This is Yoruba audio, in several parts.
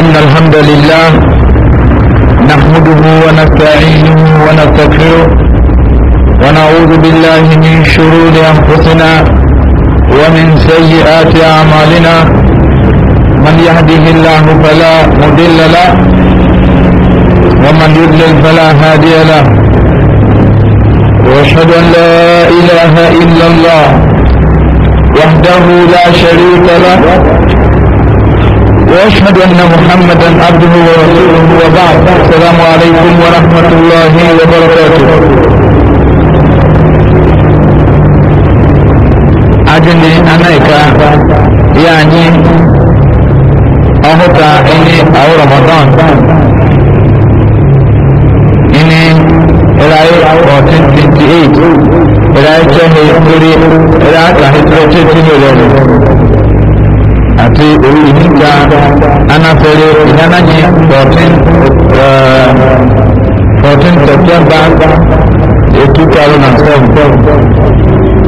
إن الحمد لله نحمده ونستعينه ونستغفره ونعوذ بالله من شرور أنفسنا ومن سيئات أعمالنا من يهده الله فلا مضل له ومن يضلل فلا هادي له واشهد ان لا اله الا الله وحده لا شريك له واشهد ان محمدا عبده ورسوله وبعد السلام عليكم ورحمه الله وبركاته اجني انايكا يعني اهتا اني او رمضان اني الى 1428 ìráyẹ́tẹ́ ní péré ẹ̀rá àtàhẹ́tẹ́ tí ní rẹ̀ àti orí níta anáfẹ́rẹ́ ìnánájì 14 september 2007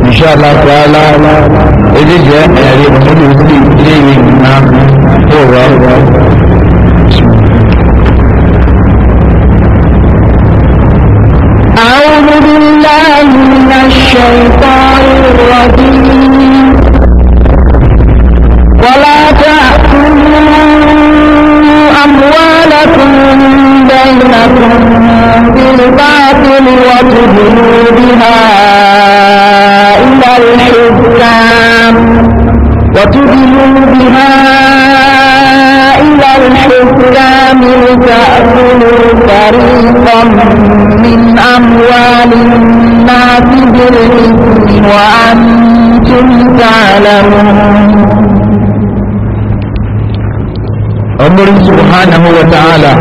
inshallah ta'ala ilé jẹ́ ẹ̀rí ìmúlùú sí ilé ìwé ìgbìmọ̀ tó rọ̀ الشيطان الرجيم ولا تأكلوا أموالكم بينكم بالباطل وتدلوا بها تعلمون أمر سبحانه وتعالى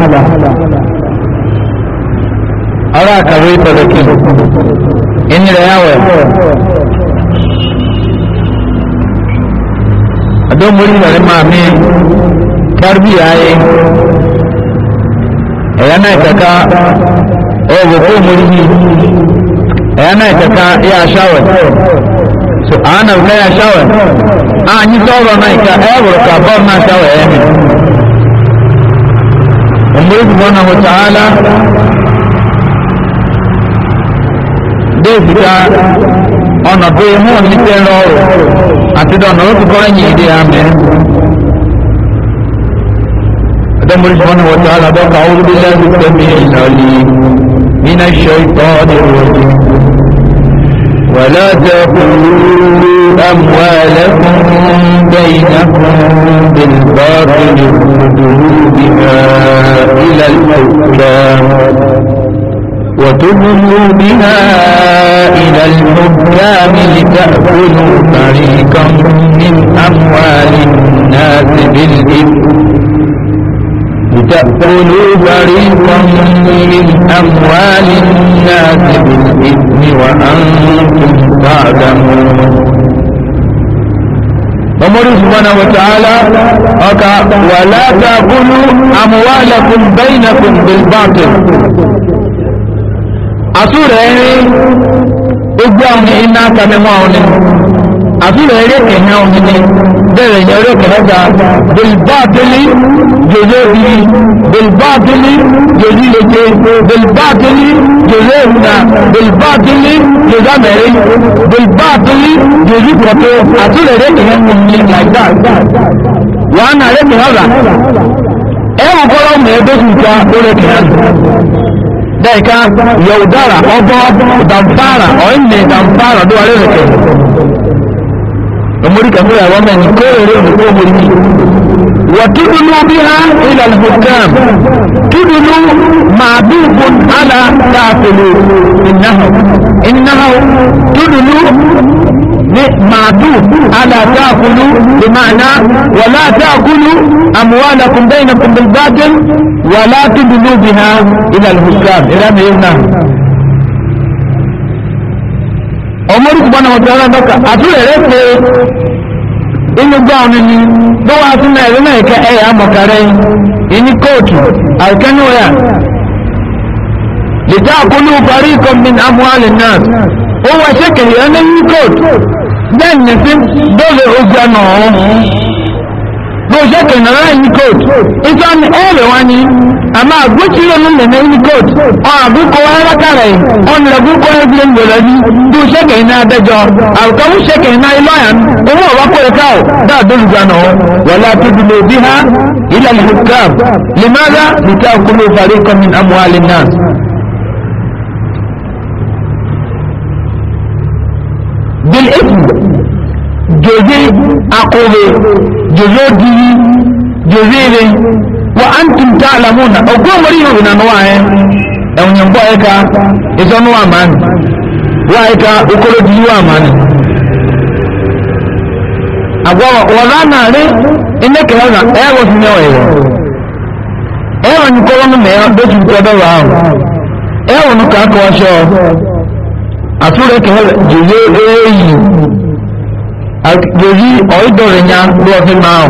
أراك ريت ذكي إن رأيوه أدوم مريد الإمامي تربية أنا كاكا أو بقوم مريد أنا كاكا يا شاور so ana ukaya shawe anyi toro na ika ebro ka bonna shawe emi umuri kubona wa ta'ala de fita ọ̀nà tó yẹ mọ́ ní tẹ́ lọ́rọ̀ àti dọ̀nà ó ti kọ́ ẹ̀yìn ìdí àmì ẹ̀dọ́mọ̀rí sọ́nà wọ̀tá alábọ́ka ó rí lẹ́rù tẹ́mi ìnà lè nínú ṣe ìtọ́ ọ̀dẹ̀rù ولا تأكلوا أموالكم بينكم بالباطل تدلوا بها إلى الحكام وتدلوا بها إلى الحكام لتأكلوا فريقا من أموال الناس بالإثم لتأكلوا فريقا من أموال الناس بالإثم وأنتم تعلمون ومري سبحانه وتعالى أكا ولا تأكلوا أموالكم بينكم بالباطل أسورة أجاوني إنا كمماوني أسورة إنا كمماوني bẹ̀rẹ̀ yẹn orí ọ̀pẹ̀ mẹ́ta bilbaatili jòló ìrì bilbaatili jòlí lóke bilbaatili jòló ìrìnà bilbaatili jòlá mẹ́rin bilbaatili jòlí pọ̀tọ́ àtúrẹ̀rẹ̀ ìyẹn kò ní láìdá wàá nà rẹ̀ mìíràn rà ẹ̀rù kọ́lọ́ mẹ́ẹ̀ẹ́dọ́sùn ta lórí kìíràn dẹ́ka yọ̀ọ̀dára ọgbọ́ dàmfàrà ọ̀ìnì dàmfàrà ló wà lórí kìíràn umuri kamura wannan ko yore mu ko muri wa tudlu biha ila al hukam tudlu ma'dubun ala ta'tulu innahu innahu tudlu معدود ألا تأكلوا بمعنى ولا تأكلوا أموالكم بينكم بالباطل ولا تدلوا بها إلى الحكام إلى ما يمنع عمرك wọn ti ara dọ́kà àti rẹ̀ pé inú gbá ọ̀nà ni bó wá sí náà ìrìnà ìkẹ́ ẹ̀yà àmọ̀kàrẹ́ ìní kóòtù àìkẹ́núwẹ̀yà lìjá àkólú parí kọ́mbin amúhálì náà ó wá ṣe kèrè ẹni ní kóòtù bẹ́ẹ̀ ní sí dóòlè ojú ọ̀nà ọ̀hún bó ṣe kèrè náà ní kóòtù amma guci da mun da na yi coat a abu ko ya raka rai on da gu ko ya bi da rabi du shaka ina da jo al kawu shaka ina iloyan kuma wa ko ka da dun gano wala tudlu biha ila al hukam limadha litakulu fariqan min amwalin nas bil ism joje akobe jojo diri joje wa antum ta'lamuna ogun mori yo ina no ae e onye mbo eka izo no aman wa eka ukolo di wa aman agwa wa na re ine ke na e wo sinye o yo e wo ni ko wono me do ju ko do wa e wo no ka ko so asure ke jiye eyi Àjòyí ọ̀ídọ̀rẹ̀ ya lọ́ọ̀fin máa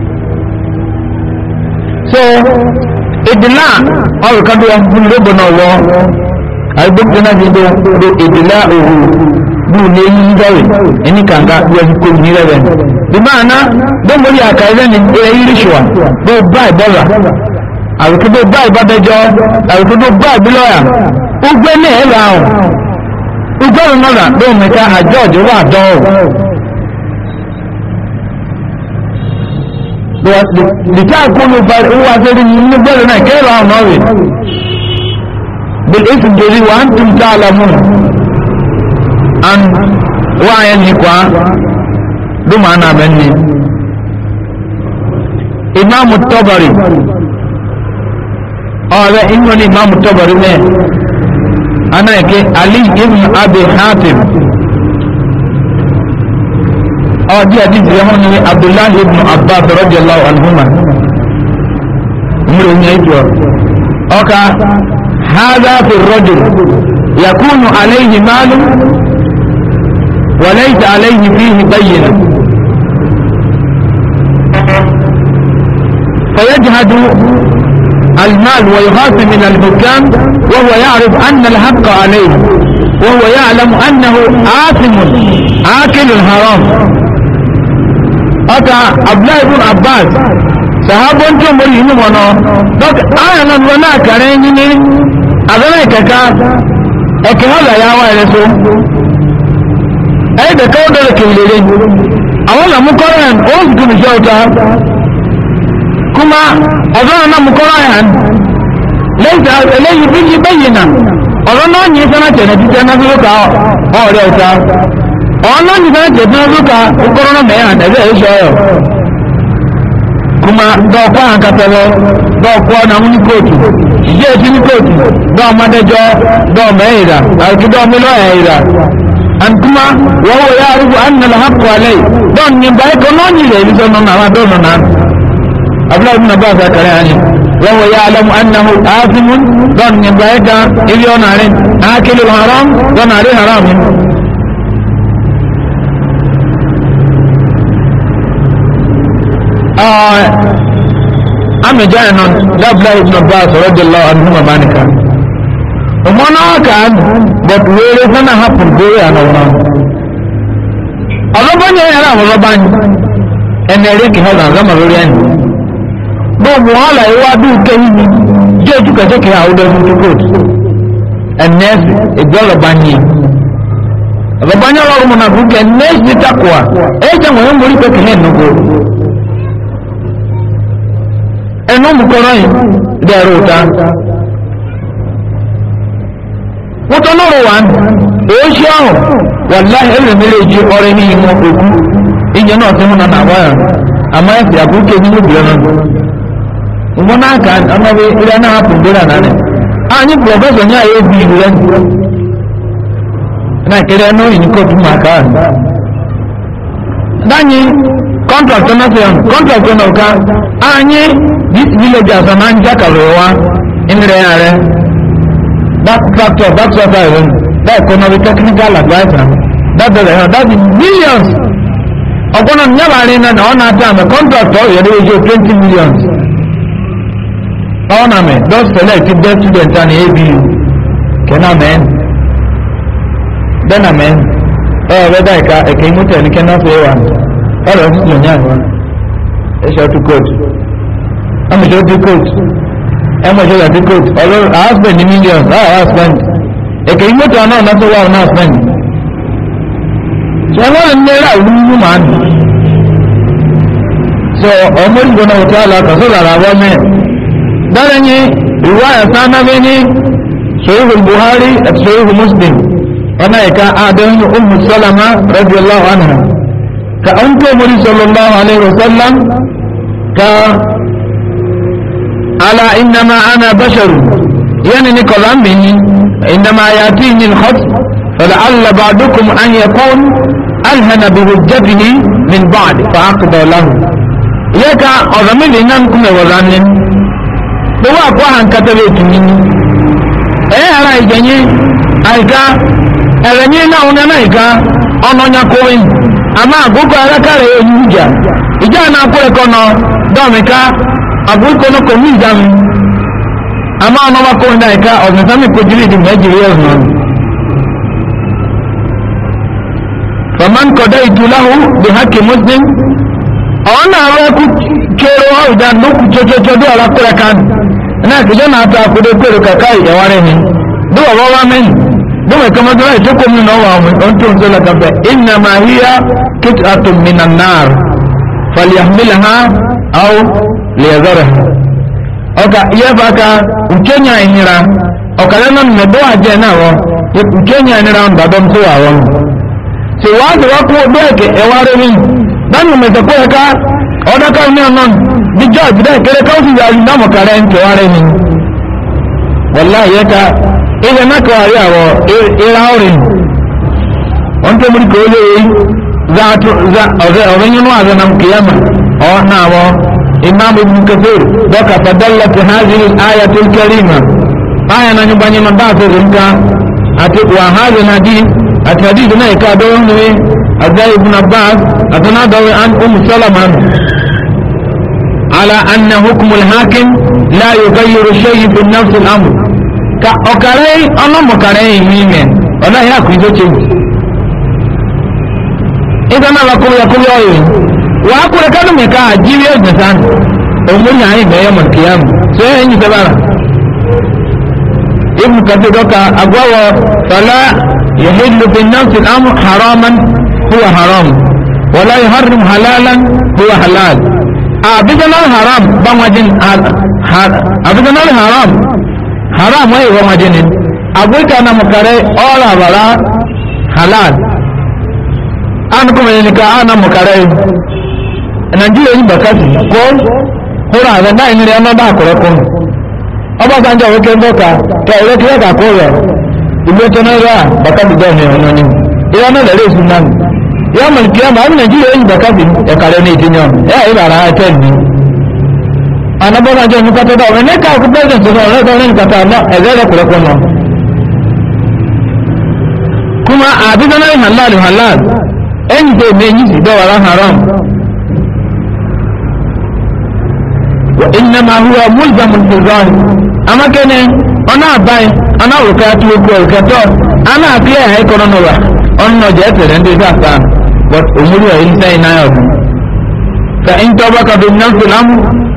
so ìdìlá ọ̀rọ̀ kan tó wà fún lóògbé náà wọ́ àgbègbè náà ti do do ìdìlá òhù bíi ní eyín dọ́rẹ̀ ẹni kànga bí ẹni kò ní rẹ̀ bẹ́ẹ̀ bí máa ná bó mórí àkàrẹ́ ní eyín ríṣùwà bó bá ìbọ́ra àrùkú tó bá ìbádẹ́jọ́ àrùkú tó bá ìbílọ́yà ó gbé ní ẹ̀rọ àwọn ó gbọ́rùn náà lóòmìnira àjọ ìjọba àdánwò لكي أكون هو أسري من بلنا كيف أعنوه بالإسم جري وأنتم تعلمون أن وعين هكوا دم أنا مني إمام الطبري أولا إنه إمام الطبري أنا كي علي ابن أبي حاتم اور جی يهون رحم نے عبداللہ ابن عباد رضی اللہ عنہما عمر ابن عیدو اور هذا في الرجل يكون عليه مال وليس عليه فيه بينة فيجهد المال ويخاف من الحكام وهو يعرف ان الحق عليه وهو يعلم انه آثم عاقل الحرام ọkà abdullahi ibn abbas sahabo ń tó mori inú wọn nọ dọ́kì ayọ̀ náà lọ náà kàrẹ́ yín ní àdánà ìkẹ̀kà ẹ̀kẹ́ ọ̀là yà wá ẹ̀rẹ́ so ẹ̀yẹ́ kẹ̀kẹ́ ó dọ̀rọ̀ kèlèrè àwọn ọ̀là mú kọ́rọ̀ yẹn ó sì tún ìṣe ọ̀tá kúmá ọ̀dọ́nà náà mú kọ́rọ̀ yẹn lẹ́yìn bí yí bẹ́yìn náà ọ̀rọ̀ náà yìí sẹ́nà tẹ̀lé ọ̀nà nìkan tẹ̀sán lóka kọ́rọ́nà mẹ́rin àtẹ̀sẹ̀ èso ẹ̀ kuma dọ̀kọ́ àkàtẹ̀lẹ̀ dọ̀kọ́ náà ní kóòtù ìyé etí ní kóòtù dọ̀ọ̀mọdẹjọ́ dọ̀ọ̀mẹ́yìnrà àti dọ̀ọ̀mẹlọ́yẹ̀yìnrà and kuma wọ́n wọ ya arúgbó annala hapkọ̀ alẹ́ dọ̀n ní báyìí kan náà nílẹ̀ èyí sọ náà àwọn adọ́nà náà abúlé ìbùnà bá àṣà kẹrẹ àní wọ́n ya alamu annahu azimun dọ̀n ní báyìí kan ilé ọ̀nà rẹ̀ àákìlú haram dọ̀nà rẹ̀ haram ɔɛ ami jɛ ɛnɔ dabila ibn abbas rɔdila ɔnu mamani kan ɔmɔ náà kan but wéere nana happen wéere àná wọn ọlọ́bọ̀ yàrá àwọn ọlọ́bà ni ɛnna eré kìhọ́ náà zama lórí ɛni bọ́ọ̀mù wàhálà yìí wá dùn kẹ́yìn ni jẹ́ ojú kẹ́kẹ́ kẹ́ àwọn ọdún tó kúrò ɛnna ɛgbẹ́ ọlọ́bà ni ọlọ́bà ni ọlọ́run mọ̀ náà fún kẹ́ ɛnna ɛsì takùwà ɛyẹ jẹ́ wọ́n yẹn mọ̀ orí pé kẹ́hìn nìkú. ẹnu mùkọ́rọ́ yìí dẹ̀rù ta wọ́n tó lóru wà ní ebe mere wàláhì ẹlẹ́mẹ́lẹ́ ju ọrẹ okwu. ìmọ̀ òkú ìyẹn náà tó múná nàbọ̀ yà àmọ́ ẹ̀sìn àkókò ní ìlú ìlú náà wọn náà kà ọmọ contract na se contract na ka anyi this village as an anja karewa inre are that factor that's what i want that economic technical advisor that the that the millions ọgbọnọ nyabari na na ọ na-ata ame contract ọ yere ejo 20 millions ọ na me don select best student and abu kena men dena men ọ a ka eke imute ni kena se wa ọ̀rọ̀ ọ̀sùn ní àwọn ẹ̀ṣọ́ tó kóòtù ọmọṣẹ́ tó kóòtù ẹmọṣẹ́ tó kóòtù ọlọ́run àásùpẹ̀ ní mílíọ̀nù láwọn àásùpẹ̀ǹd èkè ìmọ̀tò náà lọ́tọ̀ wà ọ̀nà àásùpẹ̀ǹd sọ ọlọ́run náírà wúwú màá nù sọ ọmọ ìgbọ̀n náà wọ́tí àlàkà sọ lára wọ́n mẹ́ dára ní ìwà ẹ̀sán náà ní sọ̀rọ̀ buhari àti sọ̀rọ̀ muslim ọ̀nà ìka adéhùn umu sọlama rẹ́díọ̀lá ọ̀nà ka an ko muri sallallahu alaihi wasallam ka ala innama ana basharu yani ni kolam bi ni innama yatini al-khat فلعل بعضكم أن يكون ألهن بهجته من بعد فأقضى له يكا أظمين إنان كنا وظنين بوا أقوى أن كتبت مني أي أرى إجاني أيكا أرنينا هنا أيكا أنا نكوين ama agogo alakara eyi ija ija na akwere na domika agogo no komi ija mi ama ono ba ko nda ka ọsàn sami ko jiri di ya ri ọsàn faman kọdọ ìdúláhù bí hakì muslim ọ̀hún náà wọ́n kú kéré wọ́n ìjà ló kú tsotsotsó bí ọ̀la kan náà kìjọ́ náà tó akúdé kúrẹ́ kàkà ìyàwó ni bí wọ́n wọ́n wá bọ́mọ̀ ẹ̀ka máa tọ́lá ìjókòó mi náà wà wọ́n tó ń sọ́lá kàfẹ́ iná máa híyá kíkì àtòmínà náà fàlìyàmílà ha áwò lẹ́yẹ̀dọ́rẹ̀ ọkà yẹ́fà ká nkenya ìnira ọ̀kàlẹ́ náà nà bọ́ àjẹ́ náà wọ́n nkenya ìnira ń bàbá nkó wà wọ́n. ṣe wàá ti wá kú bẹ́ẹ̀kì ẹ̀wá rẹ̀ mi dánù mẹ́tẹ̀kọ́ ẹ̀ka ọ̀dọ́kọ̀ ní ọ̀nà bí jọ́ọ̀jì kéré káwọ́sì yà ilẹ̀ mẹ́kọ̀ọ́rí àwọ̀ ìra orin wọ́n tó múrí kòó lè rí ọ̀rẹ́ yínú àzọ́nà kìyàmà ọ̀nà àwọ̀ imam ibn kafir bọ́kà fàdọ́lá ti hajjiri aya tó kẹrìmà aya na nyúgbà nyínú bá fẹ́ rinka àti wà hajjiri na dí àti hadith náà ìka àdọ́wọ́ ń rí àzá ibn abbas àti náà dọ́wọ́ an umu solomon على أن حكم الحاكم لا يغير شيء في النفس الأمر ka ọ̀kàrẹ́ ọlọ́mọ̀kàrẹ́ ìwé ìmẹ̀ ọ̀dá ìyá àkùnjó chewu ìgbà náà wà kúrò kúrò ọ̀yọ̀ wà á kúrò kánú mi ká jírí ẹ̀gbẹ̀ sáà òun ní àárín ìbẹ̀yẹ mọ̀ kìí àmù tó yẹ ẹ̀yìn sẹ́bàrà ibù kàtí dọ́ka agbọ́wọ́ fọlá yẹ̀hìlú fi náàsì àmù haraman huwa haram wọlá yẹ̀hárùn halalan huwa halal àbíjọ́nà haram bá wọn jẹ́ àbíjọ́nà haram haram wai wa majinin agwika na mukare ola bara halal an kuma yin ka ana mukare Nigeria yin bakasi ko hura da na inire na da kore ko oba sanja o ke ndoka to ire ke ka ko yo ile to na ra baka da ne ono ni ira na da resu nan ya mal kiyama an Nigeria yin bakasi e kare ne tinyo ya ira ra ta ni anabọ́lá jẹ́ nípa tó dáwọ̀ ẹ̀lẹ́ka ọkú president sọ ọ̀rẹ́ tó rìn kàtà náà ẹ̀zẹ́ rẹ̀ kúrẹ́kọ́ náà kuma àbíkanáyì halal halal ẹ̀yìn tó méjì sí dọ́wàrá haram ìnàmà huwa mulzam al-bizar amakene ọ̀nà àbáyé ọ̀nà òrùka tí ó kú òrùka tó ọ̀nà àbí ẹ̀hà ẹ̀kọ́nà nọ̀wà ọ̀nà ọ̀jẹ̀ ẹ̀tẹ̀rẹ̀ ń dé sáà but òmúlò ẹ̀yìn sẹ́yìn náà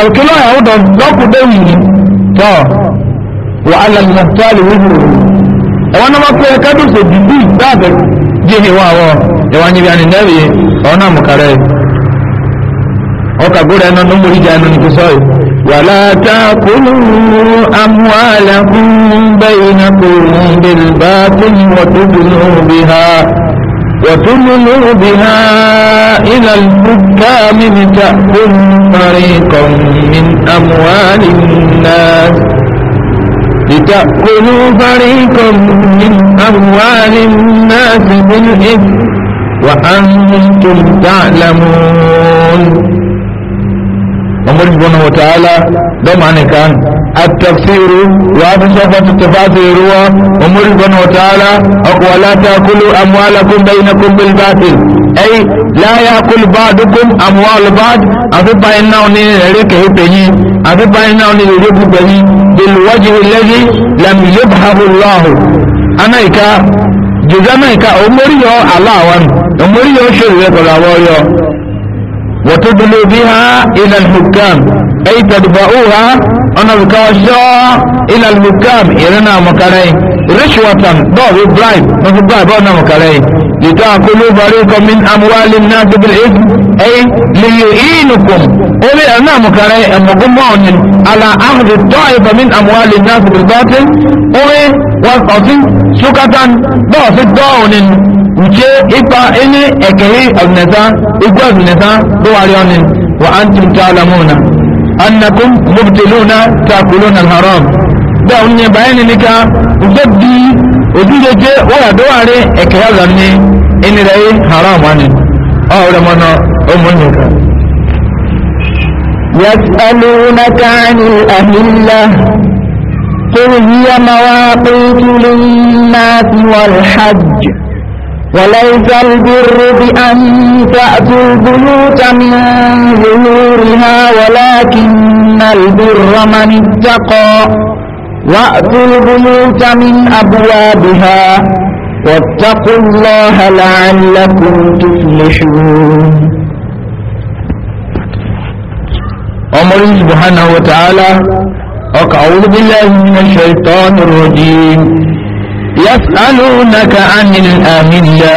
alkilo ya wuda loku dawi ne to wa alal muhtali wuhu e wannan ma ko ka dusa bibi da ga jehe wa wa e wani bi ani nabi ona mu kare o ka gure no no muri janu ni kusoi ولا تأكلوا أموالكم بينكم بالباطل وتدلوا بها وتملوا بها إلى الحكام لتأكل فريقا من أموال الناس لتأكلوا فريقا من أموال الناس بالإثم وأنتم تعلمون umar ibn wa ta'ala da manikan التفسير وأبشفة التفاسير أمر سبحانه وتعالى ولا تأكلوا أموالكم بينكم بالباطل أي لا يأكل بعضكم أموال بعض أفبا إنه نريك هبني أفبا إنه نريك هبني بالوجه الذي لم يبهه الله أنا إكا جزانا إكا أمر يو الله أمر يو شريك الله وتدلوا بها إلى الحكام أي تدفعوها أنا بكوشا إلى الحكام إلينا مكاني رشوة دو برايب نفو برايب أنا مكاني لتأكلوا بريقا من أموال الناس بالإثم أي ليعينكم أولي أنا مكاني أما قمعون على أخذ الطائفة من أموال الناس بالباطل أولي والقصي سكة دو ست دونين uche ịkpa ịnị ekeri ọdịnata igwe ọdịnata dụwarị ọnụ wa antum ta'lamuna annakum mubtiluna ta'kuluna al-haram da onye bayani nika uzabbi ojujeje wala dụwarị ekeri ọdịnata ịnịrị haram ọnụ ọ wụrụ mọnụ ụmụnne ka يسألونك عن الأهلة قل هي مواقيت للناس والحج وليس البر بأن تأتوا البيوت من ظهورها ولكن البر من اتقى وأتوا البيوت من أبوابها واتقوا الله لعلكم تفلحون أمر سبحانه وتعالى أعوذ بالله من الشيطان الرجيم يسألونك عن الأهلة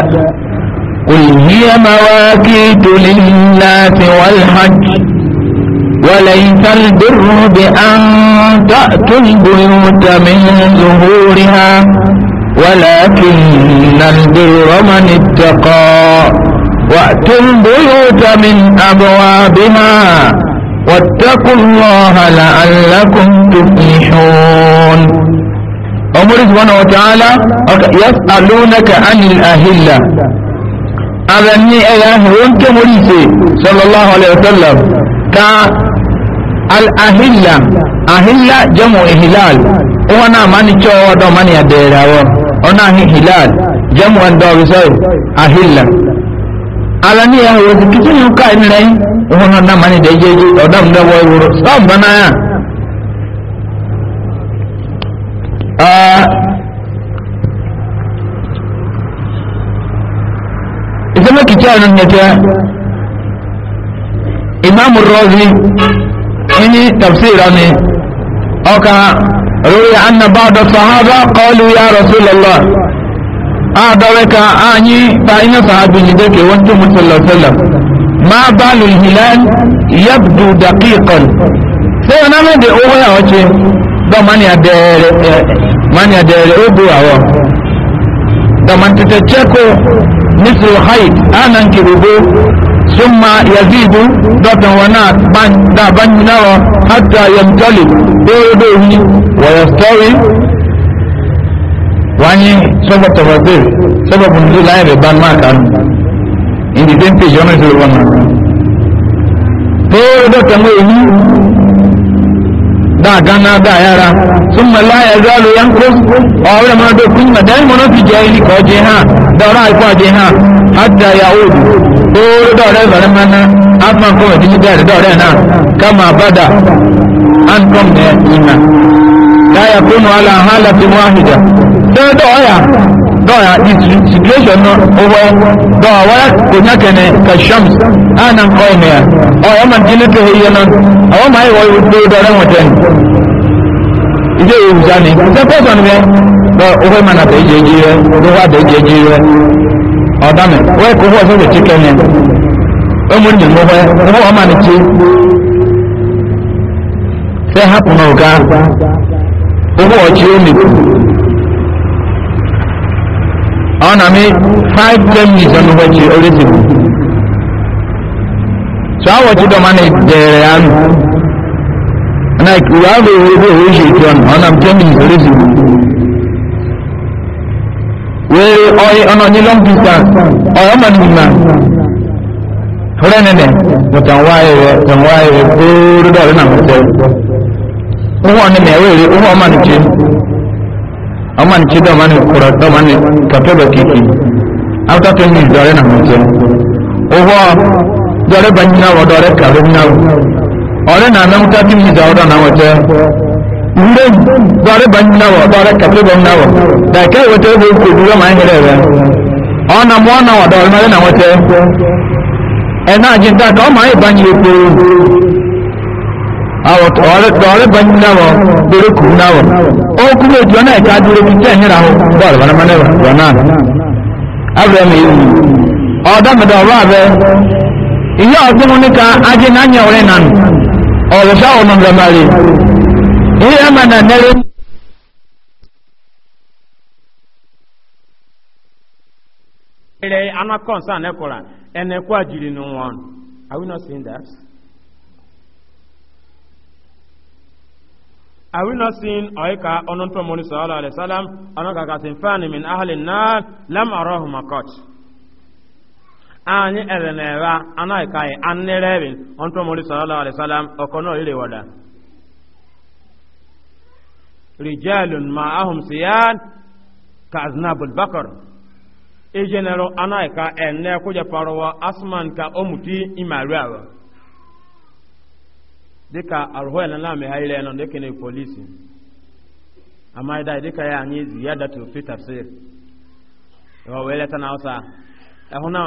قل هي مواكيت للناس والحج وليس البر بأن تأتوا البيوت من ظهورها ولكن البر من اتقى وأتوا البيوت من أبوابها واتقوا الله لعلكم تفلحون ọmọdé subhanahu wa ta'ala yas alónaka anil ahila abẹ ní ẹ̀yà ìwọ́n ké mórí ìṣe sallallahu alayhi wa sallam ka al ahila ahila jamu ihilal wọn náà máa ní tí ọwọ́ ọdọ máa ní àdẹ̀rẹ̀ àwọ ọ̀nà ahilal jamu ẹ̀dọ́ ọ̀rẹ́sẹ̀ ahila abẹ ní ẹ̀yà ìwọ́n kìtìyàn ká ẹ̀mí rẹ̀ wọn náà máa ní dẹ́jẹ́jẹ́ ọ̀dọ́ mi náà wọ́ isama kitabu nata imam razi ini tafsira ne oka روي أن بعض الصحابة قالوا يا رسول الله أعدوك أني فإن صحابي جدك وانتم صلى الله عليه وسلم ما بال الهلال يبدو دقيقا سينا من دي أوهي أوتي dɔ mani adɛɛrɛ ɛ eh, mani adɛɛrɛ o do awɔ damantɛtɛ cɛ ko misiri hayi ana nkirigo suma yazidu dɔtɔn wana ban da ban ɲinawɔ hata yamtɔli dɔw dɔw ni wɔyɔ sɔri wanyi sɔbɔ tɔbɔte sɔbɔ kuntu la yɛrɛ ban ma kan indi den pe jɔnni sɔrɔ wɔn na dɔw dɔtɔn ko olu da gana da yara sun malla ya zalo yan kus a wani mana da kun ma dai mana fi jahili ko je ha da ra ai ko je ha hatta ya udu do da ra bare mana amma ko di da da ra na kama bada an kom ne ina la yakunu ala halatin wahida da da ya dɔɔya di situation no ɔwɔ dɔɔya wɔyɛ konya kɛnɛ ka shams a nan kɔɔ mɛya ɔyɛ ma jini to hɛ yɛ nan awɔ ma yɛ wɔyɛ do dɔɔrɛ ŋɔ tɛn ije yɛ wusa ni sɛ pɔsɔn ɔwɔ ma na bɛ jɛ jɛ yɛ ɔwɔ bɛ jɛ jɛ yɛ ɔda mɛ ti kɛnɛ ni ɔwɔ ɔma ni ti ɔwɔ ọ̀nà mi five ten minutes ọ̀nà wẹ̀chì orísìí so awọ ti dọ̀ ma na dẹ̀rẹ̀ anu na ìwà bẹ̀ wọ́n bẹ̀ wọ́n ṣe ìtọ́ ọ̀nà ọ̀nà ten minutes orísìí wẹ́rẹ́ ọ̀yẹ́ ọ̀nà ní long distance ọ̀yọ́ mọ̀ ní ìmọ̀ fúrẹ́ nínú mọ̀tàn wáyé rẹ̀ tàn aman kida mani kura da mani kafe da kiki after ten minutes dore na mutu oho dore banyina wa dore karu na ore na na mutu kimi da ora na wata nde dore banyina wa dore kafe da na wa da kai wata ko ko duwa ma hire ba ona mo na wa dore na wata ena jinda do ma e banyi ko àwọn ọ̀rẹ́ bá ń dáwọ̀ lórí kùn dáwọ̀ ó kúrò ìjọ náà ká dúró bí tẹ́ ìhìnrà ó bọ́ọ̀lù wọn mọ́lẹ́wà jọ náà abẹ́rẹ́ mi yìí ọ̀dọ́mọdọ̀ ọ̀rọ̀ abẹ́ ìyá ọ̀gbọ́n ajé náà nyẹ anakọ̀nsán ẹ̀kọ́ra ẹ̀nẹ́kọ́ are we not that? Are sin not seeing Oika Ononto Moni Sallallahu Alaihi Wasallam Anakakasin Fani min Ahli Nar Lam Arahu Makot Anyị elenera anaghịkaghị annerevin Onto Moni Sallallahu Alaihi Wasallam Okono Ile Wada Rijalun Ma'ahum Siyad Kaznabul Bakar Ijenero anaghịka enne kụja faruwa asman ka omuti imariawa dịka arụhụ na lam ha ire nọ dịka na polisi amaida dịka ya anyị ziyada to fit tafsir ọ wee leta na ọsa ẹhụ na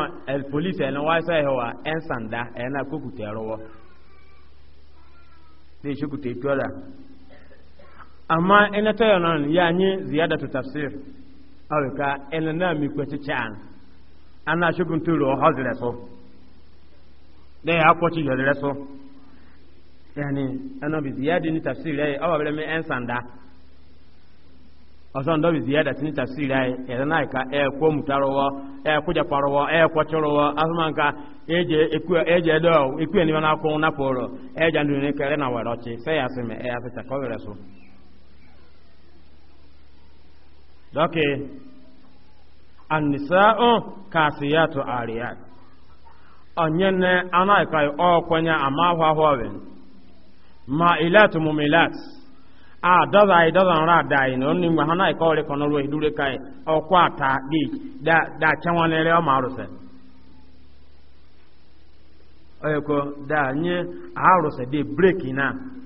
polisi ẹna wa ẹsẹ ẹhọ ẹn sanda ẹna kókùtẹ ẹrọwọ ní ìṣókùtẹ ìtúọdà ama ẹna tẹyọ nọ ya anyị ziyada to tafsir ọ ka na mi kwesị chan ana ṣogun turu ọ họzirẹ so dẹ ya akwọchi yọzirẹ so yani ana bi ziyada ni tafsir ai awa bere me en sanda ọsọ ndọ bi ziyada ni tafsir ai era na ka e ko mutarowo e ko japarowo e ko chorowo asmanka eje eku eje do eku ni na ko na poro e ja ndu ni kere na waro chi se ya se me e afi ta ko were so doke ya kasiyatu ariyat onyene anaika o kwenya ama hwa hwa wen ma ilat mumilat a dɔza yi dɔza ra da yi na ɔni ŋmɛ hana ikɔɔri kɔnɔ lɔ idure ka yi ɔkɔ ata gi da da kyɛn wɔn lɛrɛ ɔma arusɛ ko da nye de breki na